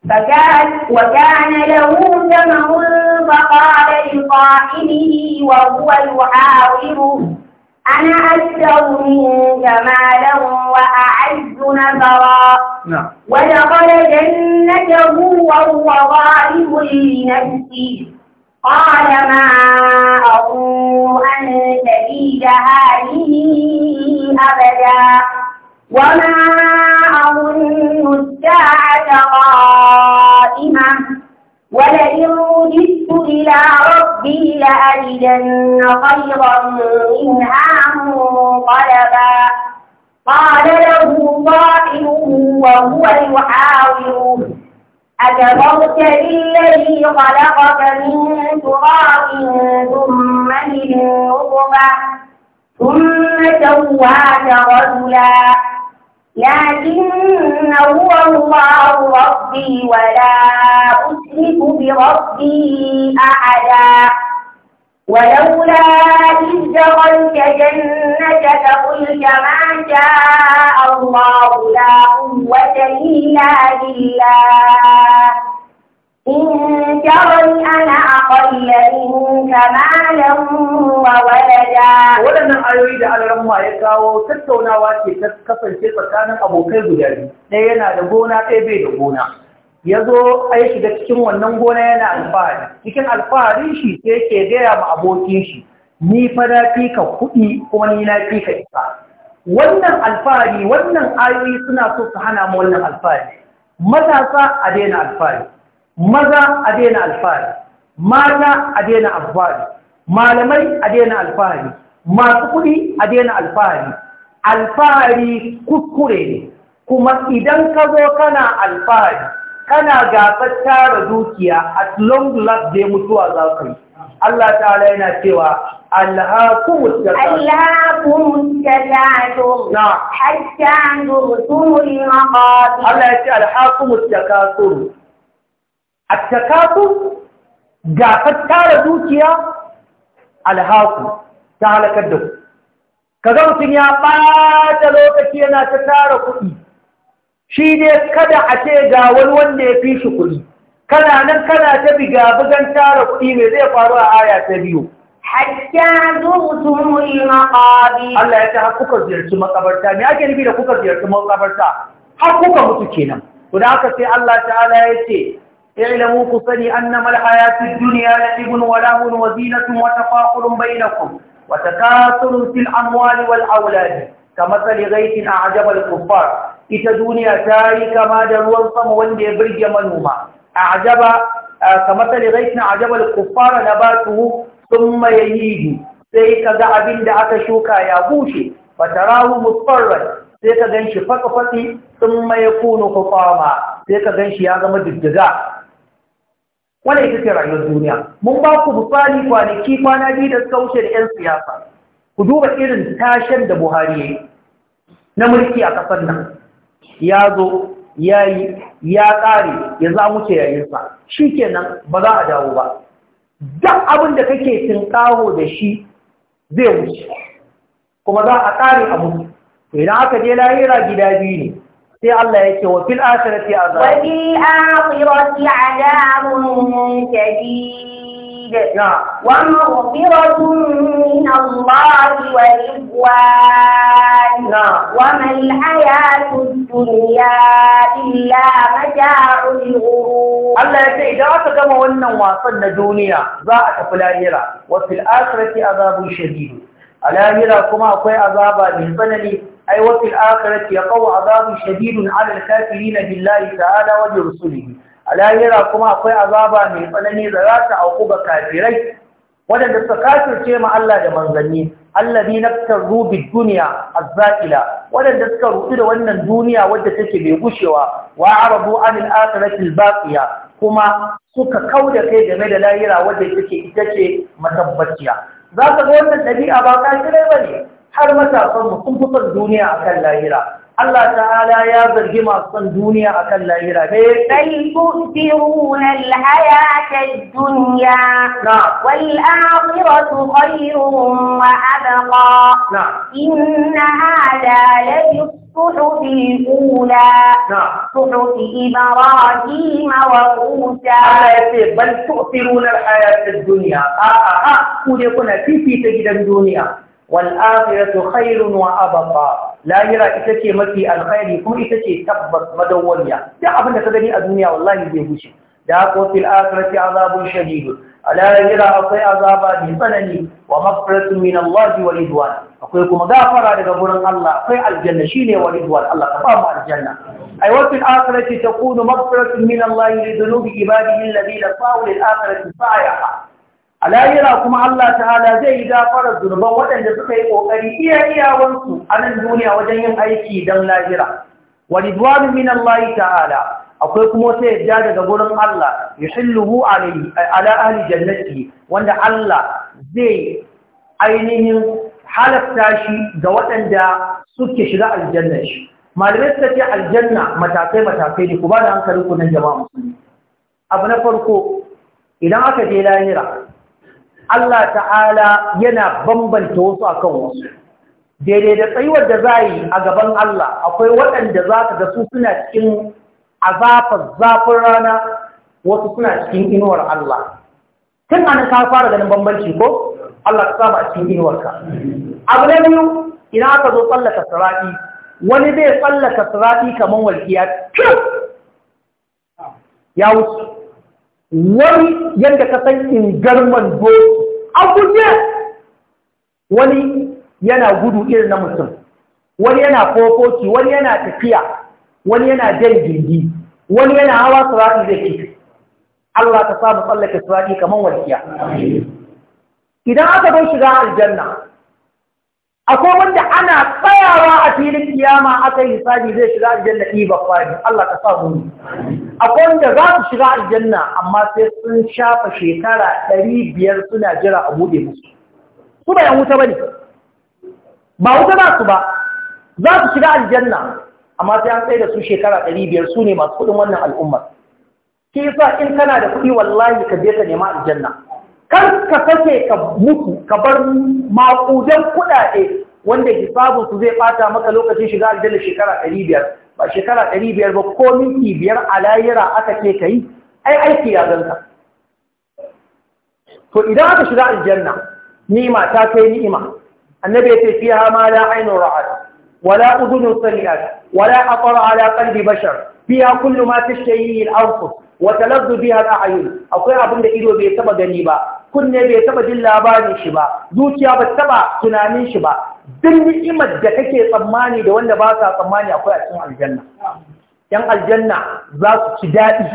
فكان وكان له ثمر فقال لصاحبه وهو يحاوره أنا أكثر منك مالا وأعز نفرا نعم ودخل جنته وهو ظالم لنفسه قال ما أظن أن تبيد هذه أبدا وما أظن الساعة قائمة ولئن رددت إلى ربي لأجدن خيرا منها منقلبا قال له صاحبه وهو يحاوره أكبرت بالذي خلقك من تراب ثم من نطفة ثم سواك رجلا لكن هو الله ربي ولا أشرك بربي أحدا ولولا دخلت جنتك قلت ما شاء الله لا قوة إلا بالله إن تري أنا أقل منك مالا وولدا ولنا أيوي da alarma ya kawo tattaunawa ce ta kasance tsakanin abokai guda biyu ɗaya yana da gona ɗaya bai da gona ya zo a ya shiga cikin wannan gona yana alfahari cikin alfaharin shi sai ke gaya ma abokin shi ni fa na fi ka kuɗi kuma ni na fi ka isa wannan alfahari wannan ayoyi suna so su hana mu wannan alfahari matasa a daina alfahari maza a daina alfahari mata a daina alfahari malamai a daina alfahari masu kuɗi a daina alfahari alfahari kuskure ne kuma idan ka zo kana alfahari kana gafar tara dukiya at long last dai mutuwa za ka yi Allah ta'ala yana cewa alhaqumus sadaqatu alhaqumus sadaqatu na hatta ghusul maqat Allah ya ce alhaqumus sadaqatu at-takatu ga fatara dukiya alhaqu ta'ala kaddu kaga mutun ya bata lokaci yana ta tara kuɗi. shi ne kada a ce ga wani wanda ya fi shi kuɗi. kana nan kana ta biga bugan tara kuɗi mai zai faru a aya ta biyu. Hakka zuwutumul maƙabi. Allah ya ce kuka ziyarci makabarta, me ake nufi da kuka ziyarci makabarta? Har kuka mutu kenan. Guda haka sai Allah ta'ala ya ce, Ilmu ku sani an na malhaya fi duniya da ibun wala hun wa zinatun wata faƙulun bainakun wata kasurun fil amwali wal auladi ka matsali gaiti na ajabar kufar ita duniya ta yi kama da ruwan sama wanda ya birge manoma Ka matsayi zaitun a a jabar ku fara da ba tuwu sun maye sai kaga abinda ata shuka ya bushe, bata rawu musu farare, sai ka ganshi fatso-fatsi sun maye kunu sai ka ganshi ya gama jiddiga. Wani ita ce rayuwar duniya. Mun baku musali kwanaki kwana gidan kaushe da 'yan siyasa. Ku duba irin tashen da Buhari yayi. Na mulki a kasar nan. Ya zo. ya yi ya ƙare ya za wuce yayinsa shi kenan ba za a dawo ba duk abin da kake tinkaho da shi zai wuce kuma za a ƙare a to idan aka je lahira gida biyu ne sai Allah ya ce wa fil akhirati azab wa fil akhirati azabun shadid شديد ومغفرة من الله ورضوان وما الحياة الدنيا إلا متاع الغرور الله يسعي إذا أتقم وأنه واصلنا دنيا ضاعت في الآخرة وفي الآخرة عذاب شديد الآخرة كما أقوى عذابا من ظنني أي وفي الآخرة يقوى عذاب شديد على الكافرين بالله تعالى وبرسله a lahira kuma akwai azaba mai tsanani da za ta auku ga kafirai waɗanda suka kafirce ma Allah da manzanni allazi naftaru duniya a azzaqila waɗanda suka rudu da wannan duniya wadda take mai gushewa wa arabu anil akhirati albaqiya kuma suka kauda kai game da lahira wadda take ita ce matabbaciya za ka ga wannan ɗabi'a ba ba ne? har matasan mu sun fi son duniya akan lahira الله تعالى يا برهما أصلا دنيا أكل لا إيرا بل تؤثرون الحياة الدنيا نعم والآخرة خير وأبقى نعم إن هذا لذي الصحف الأولى نعم صحف إبراهيم وموسى الله بل تؤثرون الحياة الدنيا آه آه آه كون يكون في في تجد الدنيا wal’afiratu khairun wa abaka lahira ita ce mafi alkhairi kuma ita ce tabbas madawwaliya duk abinda ka gani a duniya wallahi zai wuce da ko fil akhirati azabun shadid alahira akwai azaba bi sanani wa mafrat min wa ridwan akwai kuma gafara daga wurin Allah akwai aljanna shine wa ridwan Allah ka ba aljanna ay wa fil akhirati takunu mafrat min Allah li dhunubi ibadihi alladhi la sa'u lil akhirati sa'ya a lahira kuma Allah ta'ala zai yi gafarar zurban waɗanda suka yi ƙoƙari iya iyawansu a nan duniya wajen yin aiki don lahira wa ridwanu min Allah ta'ala akwai kuma wata ja daga gurin Allah yuhilluhu alayhi ala ahli jannati wanda Allah zai ainihin halatta shi ga waɗanda suke shiga aljanna shi malamai suka ce aljanna matakai matakai ne ku ba da hankali ku nan jama'a musulmi abu na farko idan aka je lahira Allah ta'ala yana bambanta wasu kan wasu daidai da tsayuwar da za yi a gaban Allah akwai waɗanda za ka ga su suna cikin azafar zafin rana wasu suna cikin inuwar Allah tun an ka fara ganin bambanci ko Allah ka saba a cikin inuwarka abu na biyu ina aka zo tsallaka sarati wani zai tsallaka sarati kamar walƙiya ya wuce wani yadda ka san ingarman doki a guje wani yana gudu irin na mutum wani yana kokoki wani yana tafiya wani yana jan gindi wani yana hawa sura'i da ke Allah ta samu tsallake sura'i kamar walƙiya idan aka bai shiga aljanna akwai wanda ana tsayawa a filin kiyama aka yi hisabi zai shiga aljanna ɗiba fari Allah ta samu ne akwai wanda za su shiga aljanna amma sai sun shafa shekara ɗari biyar suna jira a buɗe musu su ba yan wuta ba ne ba wuta za su ba za su shiga aljanna amma sai an tsaye da su shekara ɗari biyar su ne masu kuɗin wannan al'ummar ke in kana da kuɗi wallahi ka je ka nema aljanna kar ka sake ka mutu ka bar maƙudan kuɗaɗe wanda hisabinsu zai ɓata maka lokacin shiga aljanna shekara ɗari biyar ba shekara ɗari biyar ba ko minti biyar a layira aka ce ka yi ai aiki ya zanta to idan aka shiga aljanna ni'ima ta kai ni'ima annabi ya ce fiha ma la ainun ra'at wala udhunun sami'at wala athara ala qalbi bashar fiha kullu ma tashtahi al-anfus wa taladdu biha al-a'yun akwai abin da ido bai taba gani ba kunne bai taba jin labarin shi ba zuciya ba taba tunanin shi ba duk ni'imar da kake tsammani da wanda ba sa tsammani akwai a cikin aljanna yan aljanna za su ci daɗi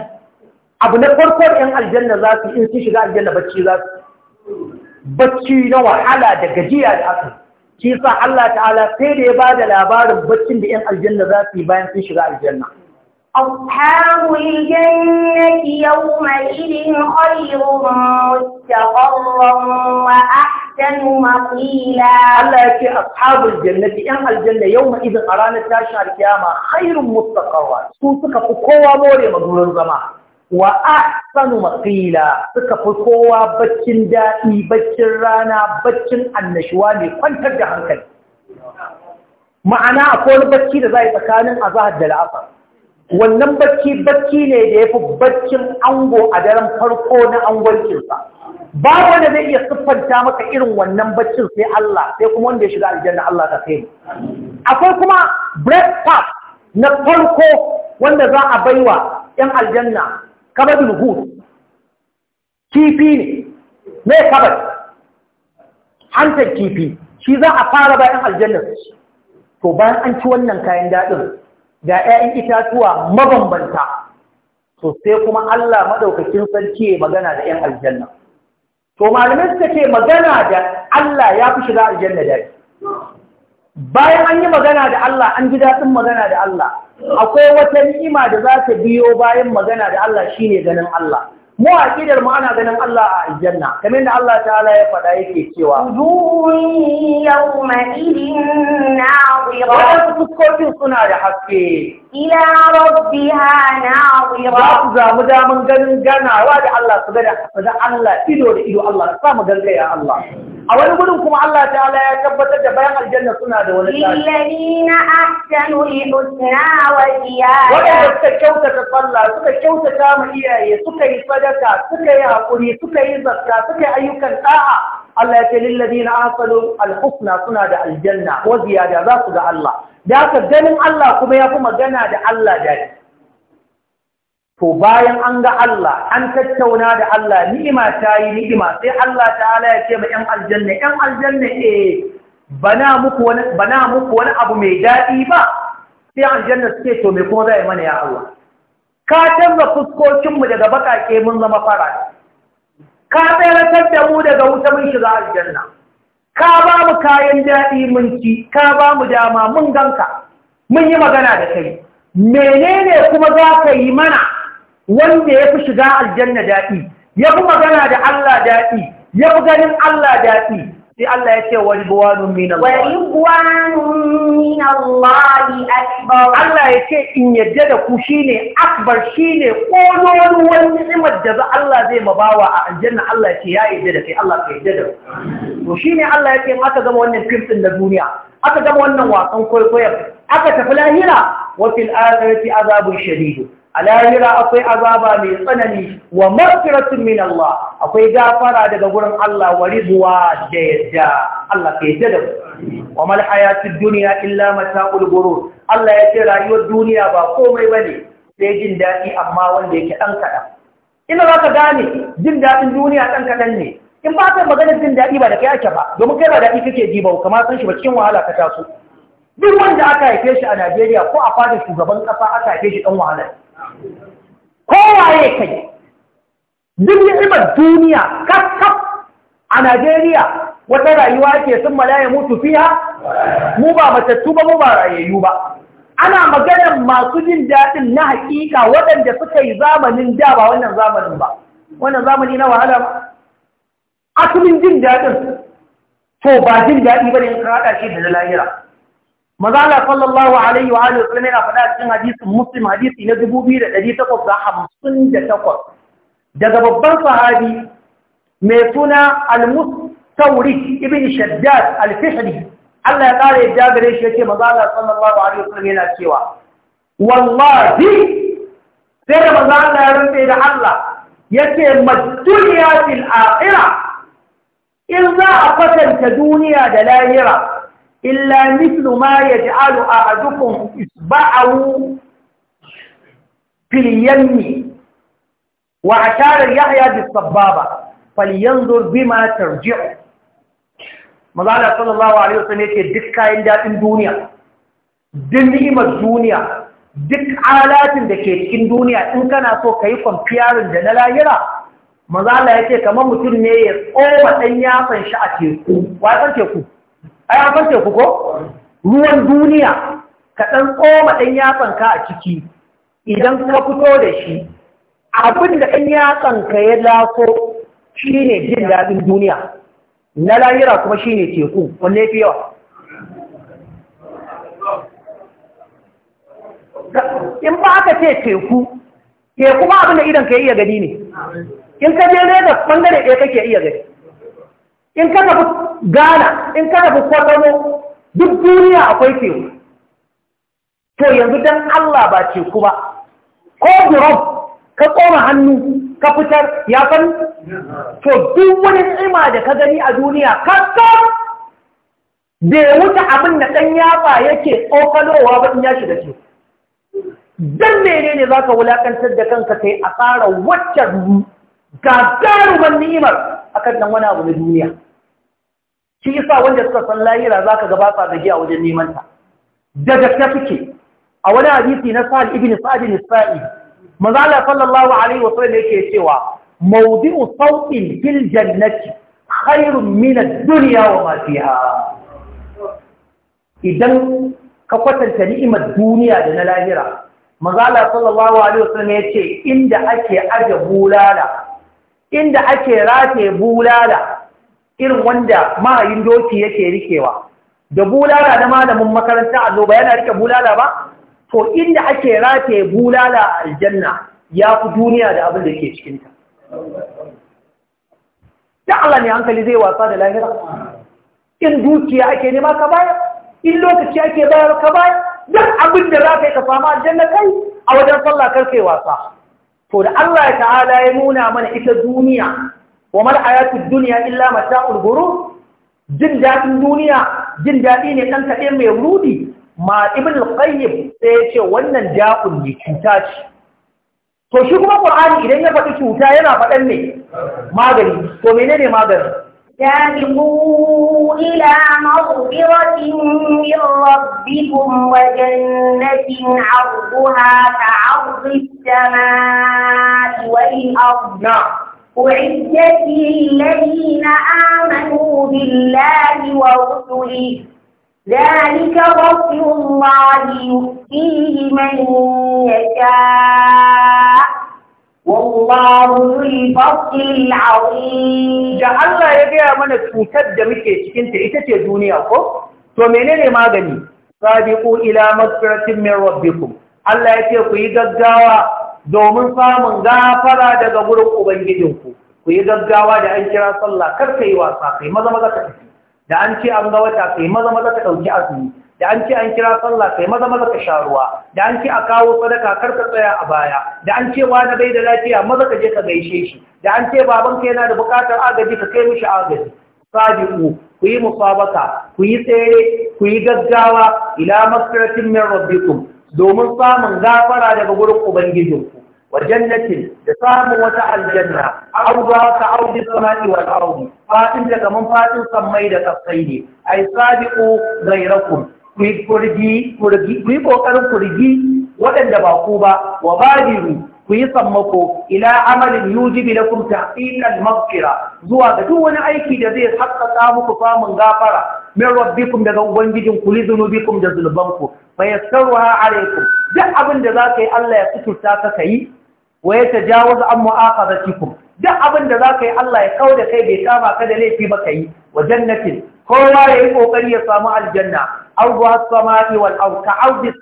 abu na farko yan aljanna za su in sun shiga aljanna bacci za su bacci na wahala da gajiya da aka shi sa Allah ta'ala sai da ya ba da labarin baccin da yan aljanna za su yi bayan sun shiga aljanna أصحاب الجنة يومئذ خير مستقرا وأحسن مقيلا الله يكي أصحاب الجنة أن الجنة يومئذ أرانا تاشا الكيامة خير مستقرا سوسك فقوة موري مدور الزمان وأحسن مقيلا سوسك فقوة بچن دائي بچن رانا بچن النشواني فانتر جهنكي معنى أقول بچي لذلك كان أزاهد للعصر wannan bacci bacci ne da ya fi baccin ango a daren farko na angoncinsa ba wanda zai iya siffanta maka irin wannan baccin sai Allah sai kuma wanda ya shiga aljanna Allah ta kai akwai kuma breakfast na farko wanda za a baiwa 'yan aljanna kabadul hud kifi ne me kabad hantar kifi shi za a fara bayan aljanna to bayan an ci wannan kayan daɗin da 'ya'yan itatuwa mabambanta to sai kuma Allah madaukakin sarki ya magana da 'yan aljanna to malamai suka ce magana da Allah ya fi shiga aljanna da bayan an yi magana da Allah an ji daɗin magana da Allah akwai wata ni'ima da za ta biyo bayan magana da Allah shine ganin Allah mu a mu ana ganin Allah a aljanna kamar da Allah ta'ala ya faɗa yake cewa zuwi fuskokin suna da haske ila rabbiha nadira za su zamu damun ganin ganawa da Allah su ga da Allah ido da ido Allah sa mu ya Allah a wani gudun kuma Allah ta'ala ya tabbatar da bayan aljanna suna da wani tsari lillazina ahsanu al-husna wa ziyada wanda suka kyautata sallah suka kyautata ma iyaye suka yi sadaka suka yi hakuri suka yi zakka suka yi ayyukan da'a Allah ya ce lillazina ahsanu al-husna suna da aljanna wa ziyada za su ga Allah da haka ganin Allah kuma ya fi magana da Allah dai to bayan an ga Allah an tattauna da Allah ni'ima ta yi ni'ima sai Allah ta'ala ya ce ma 'yan aljanna 'yan aljanna eh bana muku wani abu mai daɗi ba sai aljanna suke to mai kuma zai mana ya Allah ka canza fuskokinmu daga bakake mun zama fara ka tsayar da mu daga wuta mun shiga aljanna ka ba mu kayan daɗi mun ci ka ba mu dama mun ganka mun yi magana da kai menene kuma za ka yi mana wanda ya fi shiga aljanna daɗi ya fi magana da Allah daɗi ya fi ganin Allah daɗi sai Allah ya ce wa ribwanun min Allah wa ribwanun min Allah akbar Allah ya ce in yadda da ku shine akbar shine kolon wani ni'imar da za Allah zai mabawa a aljanna Allah ya ce ya yadda da kai Allah ka yadda da to shine Allah ya ce in aka gama wannan film din na duniya aka gama wannan wasan kwaikwayon aka tafi lahira wa fil akhirati azabun shadid a lahira akwai azaba mai tsanani wa mafiratun min Allah akwai gafara daga gurin Allah wa rizuwa da yadda Allah ka yadda da wa mal dunya illa mata'ul ghurur Allah ya ce rayuwar duniya ba komai bane sai jin daɗi amma wanda yake ɗan kaɗan ina za ka gane jin daɗin duniya ɗan kaɗan ne in ba ka maganar jin daɗi ba da kai ake ba domin kai ba daɗi kake ji ba kamar san shi ba cikin wahala ka taso duk wanda aka haife shi a Najeriya ko a fadin shugaban ƙasa aka haife shi ɗan wahala kowaye kai duk ni'imar duniya kaskaf a Najeriya wata rayuwa ke sun malaya mutu fiya mu ba matattu ba mu ba rayayyu ba ana maganar masu jin daɗin na haƙiƙa waɗanda suka yi zamanin da ba wannan zamanin ba wannan zamani na wahala ba Asumin jin daɗin to ba jin daɗi ba ne in ka haɗa shi da na lahira Maza Mazala sallallahu Alaihi wa sallam yana faɗa cikin hadisin Muslim hadisi na 2858 daga babban sahabi mai suna al-Mustawri ibn Shaddad al-Fihri Allah ya ƙara yadda gare shi yake mazala sallallahu Alaihi wa sallam yana cewa wallahi sai da mazala ya rufe da Allah yake maduniya fil akhirah in za a kwatanta duniya da lahira illa mislu ma yaj'alu ahadukum isba'ahu fil yammi wa ashara yahya bis sababa falyanzur bima tarji'u mazala sallallahu alaihi wasallam yake duk kayan dadin duniya duk ni'imar duniya duk alatin da ke cikin duniya in kana so kai kwamfiyarin da na lahira mazala ya ce kamar mutum ne ya tsoma ɗan yatsan shi a teku wasan teku ai an fashe ku ko ruwan duniya ka ɗan tsoma ɗan yatsanka a ciki idan ka fito da shi abin da ɗan yatsanka ya laso shi ne jin daɗin duniya na lahira kuma shi ne teku wanne fi yawa in ba ka ce teku teku ba abin da idan ka iya gani ne in ka je ne da bangare ɗaya kake iya gani in ka tafi Ghana in ka tafi Kwatano duk duniya akwai teku to yanzu don Allah ba ku ba ko durom ka tsoma hannu ka fitar ya san to duk wani tsima da ka gani a duniya da bai wuce abin da ɗan yaba yake tsokalowa ba in ya Don teku ne menene ka wulakantar da kanka sai kai tsara waccan gagarumar ni'imar kan nan wani abu na duniya shi yasa wanda suka san lahira zaka ga ba sa zagi a wajen neman ta da gaske suke a wani hadisi na Sa'ad ibn Sa'd al-Sa'i manzo Allah sallallahu alaihi wasallam yake cewa mawdi'u sawtin fil jannati khairun min ad-dunya wa ma fiha idan ka kwatanta ni'imar duniya da na lahira manzo Allah sallallahu alaihi wasallam yace inda ake aje bulala inda ake rataye bulala irin wanda mahayin doki yake rikewa da bulala na malamin makaranta zo ba yana rike bulala ba to inda ake rataye bulala a aljanna ya fi duniya da abin da ke cikinta da Allah ne hankali zai wasa da lahira in dukiya ake nema ka bayar in lokaci ake bayar ka bayar duk abin da za ka yi ka samu aljanna kai a wajen sallah kar kai wasa to da Allah ta'ala ya nuna mana ita duniya wa mal hayatud dunya illa mata'ul ghurur jin daɗin duniya jin daɗi ne ɗan kaɗe mai rudi ma ibn al-qayyim sai ya ce wannan ja'un ne cuta ce to shi kuma qur'ani idan ya faɗi cuta yana faɗan ne magani to menene magani سابقوا إلى مغفرة من ربكم وجنة عرضها كعرض السماء والأرض نعم أعدت للذين آمنوا بالله ورسله ذلك فضل الله يؤتيه من يشاء والله ذو الفضل العظيم da Allah ya gaya mana cutar da muke cikinta ita ce duniya ko to menene magani sabiqu ila maghfiratin min rabbikum Allah ya ce ku yi gaggawa domin samun gafara daga gurin ubangijinku ku yi gaggawa da an kira sallah kar ka yi wasa kai maza maza ka tafi da an ce an ga wata kai maza maza ka ɗauki azumi da an ce an kira sallah kai maza maza ka sha ruwa da an ce a kawo sadaka kar ka tsaya a baya da an ce wani bai da lafiya maza ka je ka gaishe shi da an ce babanka yana da buƙatar agaji ka kai mishi agaji sabiqu ku yi musabaka ku yi tsere ku yi gaggawa ila maghfiratin min rabbikum domin samun gafara daga gurin ubangijinku wa jannatin da samun wata aljanna auza ka auji samai wal ardi fatin da kaman fatin sammai da kasai ne ai sabiqu ghayrakum ku kurgi kurgi kurgi waɗanda ba ku ba wa kuyi ku yi sammako ila amalin yujibi lakum tahqiqal maghfira zuwa ga duk wani aiki da zai haƙƙaƙa muku samun gafara min rabbikum daga ubangijin ku li dhunubikum da zulbanku fayassaruha alaikum duk abin da za ka yi Allah ya kuturta ka ka yi wa ya tajawaza an mu'aqabatikum duk abin da za ka yi Allah ya da kai bai kama ka da laifi ba ka yi wa jannatin kowa ya yi kokari ya samu aljanna arduha as-samai wal ard ka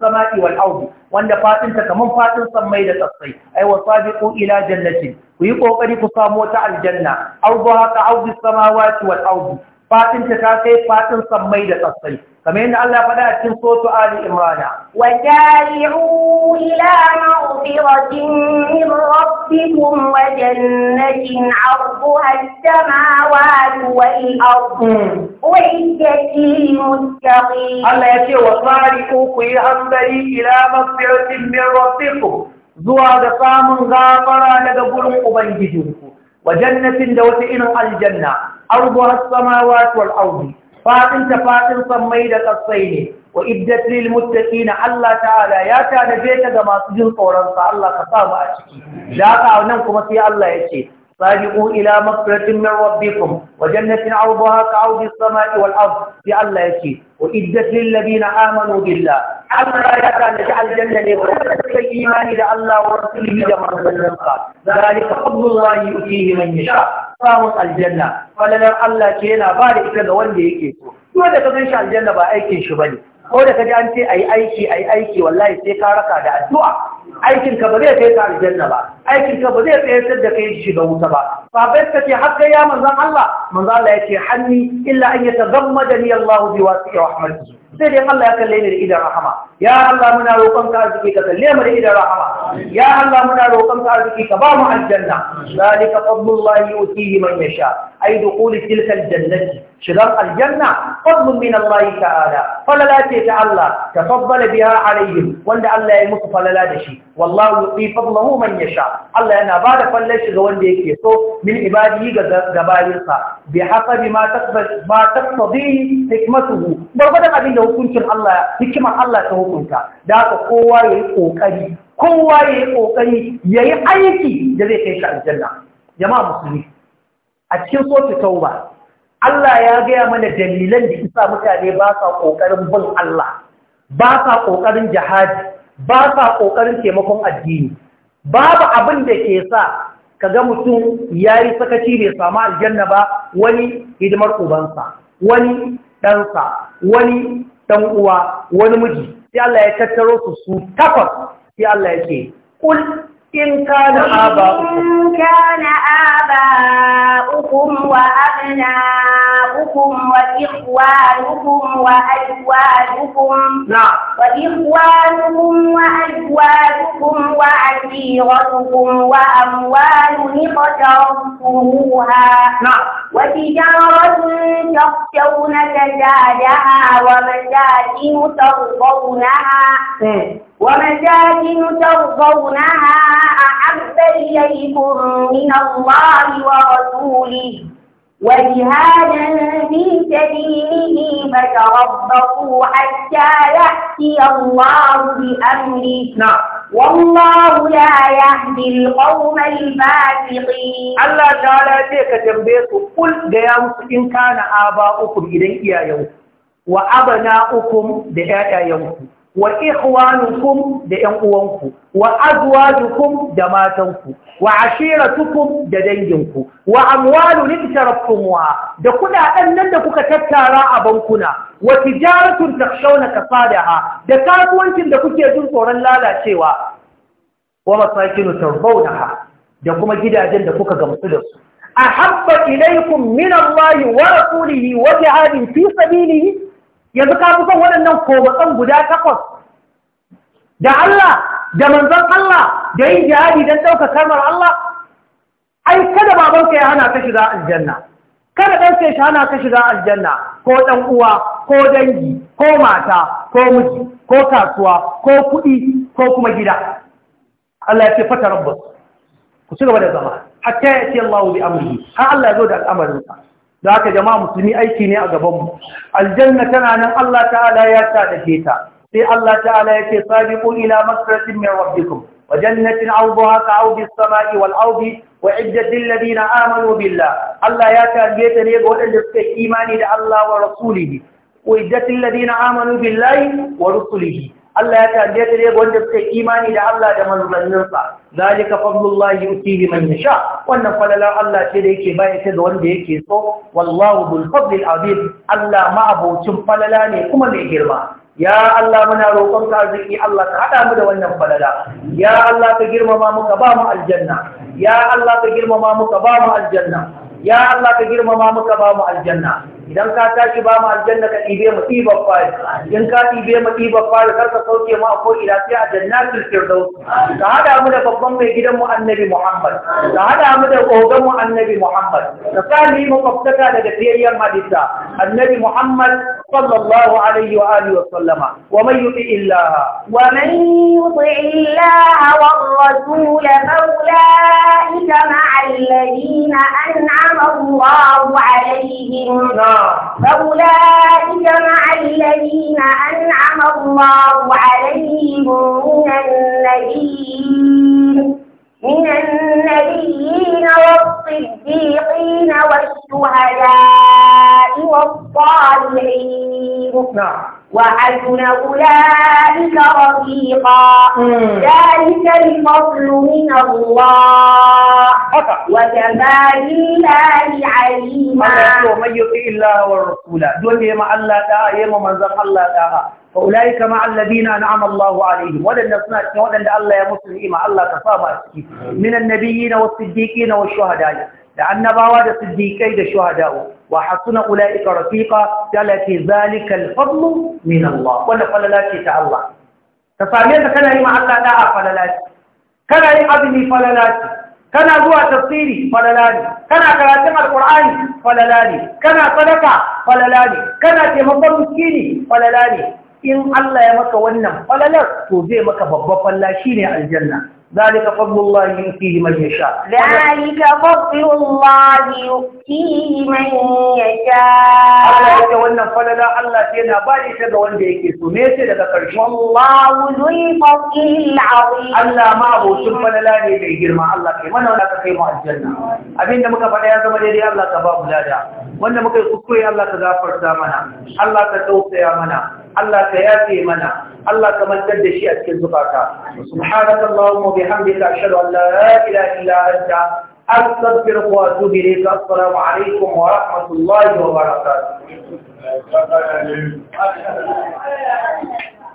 samai wal ard wanda fatin ta kaman fatin sammai da tsatsai ai wa sabiqu ila jannatin ku yi kokari ku samu wata aljanna arduha ka ardi samawati wal ard fatin ta ta kai fatin sammai da tsatsai فمن الله فلا تسمع صوت آل إمرانا وسارعوا إلى مغفرة من ربكم وجنة عرضها السماوات والأرض وعدت للمتقين الله يسير وصارقوا في أمري إلى مغفرة من ربكم زوا دقام غافرا لقبل أبنجدكم وجنة دوت إن الجنة أرضها السماوات والأرض faɗin ta faɗin sammai da ƙasai ne wa iddat lil muttaqina Allah ta'ala ya tanaje ta ga masu jin tsoronsa. Allah ka sa mu a ciki da haka nan kuma sai Allah ya ce sabiqu ila maghfiratin min rabbikum wa jannatin 'arduha ka'udhi as-samai wal ardh fi Allah yaki wa iddat lil ladina amanu billah Allah ya kan ji aljanna ne ko imani da Allah wa rasulihi da manzon sa zalika fadlullahi yutihi man yasha fa mu aljanna falan Allah ke yana ba da ita ga wanda yake so ko da ka san shi aljanna ba aikin shi bane ko da ka ji an ce ai aiki ai aiki wallahi sai ka raka da addu'a Aikinka ka ba zai kai ka aljanna ba aikin ka ba zai tsayar da kai shiga wuta ba sahabbai suka ce har ya manzon Allah manzon Allah yake hanni illa an yatagammadani Allah bi wasi'i rahmatihi sai dai Allah ya kalle ni da idan rahama ya Allah muna roƙon ka arziki ka kalle mu da idan rahama ya Allah muna roƙon ka arziki ka ba mu aljanna zalika fadlullahi yutihi man yasha ay dukhul tilka aljannati shigar aljanna fadlun min Allah ta'ala falala ce ta Allah tafaddala biha alaihim wanda Allah ya musu falala da shi wallahu yuti fadlahu man yasha Allah yana ba fallar shi ga wanda yake so min ibadihi ga gabayinsa bi hasabi ma tasbih ma tasbi hikmatuhu barbadan abin da hukuncin Allah hikimar Allah ta hukunta da haka kowa yayi kokari kowa yayi kokari yayi aiki da zai kai shi aljanna jama'a musulmi a cikin sura tauba Allah ya gaya mana dalilan da isa mutane ba sa ƙoƙarin bin Allah, ba sa ƙoƙarin jihadi, ba sa ƙoƙarin taimakon addini. Babu abin da ke sa ka ga mutum ya yi sakaci mai samu aljanna ba wani hidimar ubansa, wani ɗansa, wani ɗan'uwa, wani miji. Sai Allah ya tattaro su su takwas, sai Allah ya ce, إن كان آباؤكم إن كان آباؤكم وأبناؤكم وأبناؤكم وإخوانكم وأزواجكم نعم وإخوانكم وأزواجكم وعشيرتكم وأموال اقترفتموها نعم وتجارة تخشون كسادها ومساكن ترضونها ومساكن ترضونها أحب إليكم من الله ورسوله وجهادا في سبيله فتربصوا حتى يأتي الله بأمره نعم والله لا يهدي القوم الفاسقين الله تعالى تيك تنبيك قل ديامك إن كان آباؤكم إليك يا يوم وأبناؤكم دياتا يوم wa ikhwanukum da ƴan uwanku wa azwajukum da matanku wa ashiratukum da danginku wa amwalun iktaraftumha da kudaden nan da kuka tattara a bankuna wa tijaratun takshawna kasadaha da kasuwancin da kuke jin tsoron lalacewa wa masakinu tarbawnaha da kuma gidajen da kuka gamsu da su ahabba ilaykum min Allah wa rasulihi wa jihadin fi sabilihi yanzu ka fi son waɗannan kobatsan guda takwas da Allah da manzon Allah da yin jihadi don ɗauka kalmar Allah ai kada babanka ya hana ka shiga aljanna kada sai shi hana ka shiga aljanna ko ɗan uwa ko dangi ko mata ko miji ko kasuwa ko kuɗi ko kuma gida Allah ya ce fata rabbas ku ci gaba da zama hatta ya ce Allah bi amri har Allah ya zo da al'amarinsa da haka jama'a musulmi aiki ne a gabanmu aljanna tana nan Allah ta'ala ya sa da ta sai Allah ta'ala ya ce sabiqu ila maghfiratin min rabbikum wa jannatin 'arduha ka'ardi as-sama'i wal ardi wa 'iddatil ladina amanu billah Allah ya tarbiye ta ne ga waɗanda suka imani da Allah wa rasulihi wa 'iddatil ladina amanu billahi wa rusulihi Allah ya tambaye ta ne wanda suka imani da Allah da manzanninsa zalika fadlullahi yutihi man yasha wannan falalar Allah ce da yake bayar ta ga wanda yake so wallahu bil fadli al azim Allah ma abocin falala ne kuma mai girma ya Allah muna roƙonka arziki Allah ka haɗa mu da wannan falala ya Allah ka girmama mu ka ba mu aljanna ya Allah ka girmama mu ka ba mu aljanna ya Allah ka girmama mu ka ba mu aljanna idan ka tashi ba mu aljanna ka ɗibe mu ɗibar fari in ka ɗibe mu ɗibar fari kar ka sauke mu ko ila sai a jannatul firdaus ka hada mu da babban mai gidan mu annabi muhammad ka hada mu da kogan mu annabi muhammad ka sa mu makwabtaka daga fiyayyen hadisa annabi muhammad sallallahu alaihi wa alihi wa sallama wa man yuti illaha wa man yuti illaha wa rasul فأولئك مع الذين أنعم الله عليهم نعم فأولئك مع الذين أنعم الله عليهم من النبيين من النبيين والصديقين والشهداء والصالحين نعم وحسن أولئك رفيقا ذلك الفضل من الله وكفى بالله عليما ومن يطع الله والرسول دون يما الله تعالى يما من زق الله تعالى فأولئك مع الذين أنعم الله عليهم ولن نصنع ولن الله يا مسلم الله تصاب من النبيين والصديقين والشهداء لأن بوا الصديقين والشهداء wa hasuna ulaika rafiqa dalati zalika al min Allah wala falalaci ta Allah ka same ka kana yi ma Allah da'a falalaci kana yin azumi falalaci kana zuwa tafsiri falalani kana karatun alqur'ani falalani kana sadaka falalani kana taimakon miskini falalani in Allah ya maka wannan falalar to zai maka babban falla ne aljanna ذلك فضل الله يؤتيه من يشاء ذلك فضل الله يؤتيه من يشاء Allah yake wannan falala Allah sai na bani shi ga wanda yake so me sai daga karshe wallahu zul fadlil azim Allah ma abocin falala ne mai girma Allah kai mana wanda ka kai mu aljanna abinda muka faɗa ya zama daidai Allah ka ba mu lada wanda muka yi kuskure Allah ka gafarta mana Allah ka tausaya mana Allah ka yafe mana Allah ka mantar da shi a cikin zukata subhanaka allahumma bihamdika ashhadu an la ilaha illa anta astaghfiruka wa atubu ilayka assalamu alaikum wa rahmatullahi wa barakatuh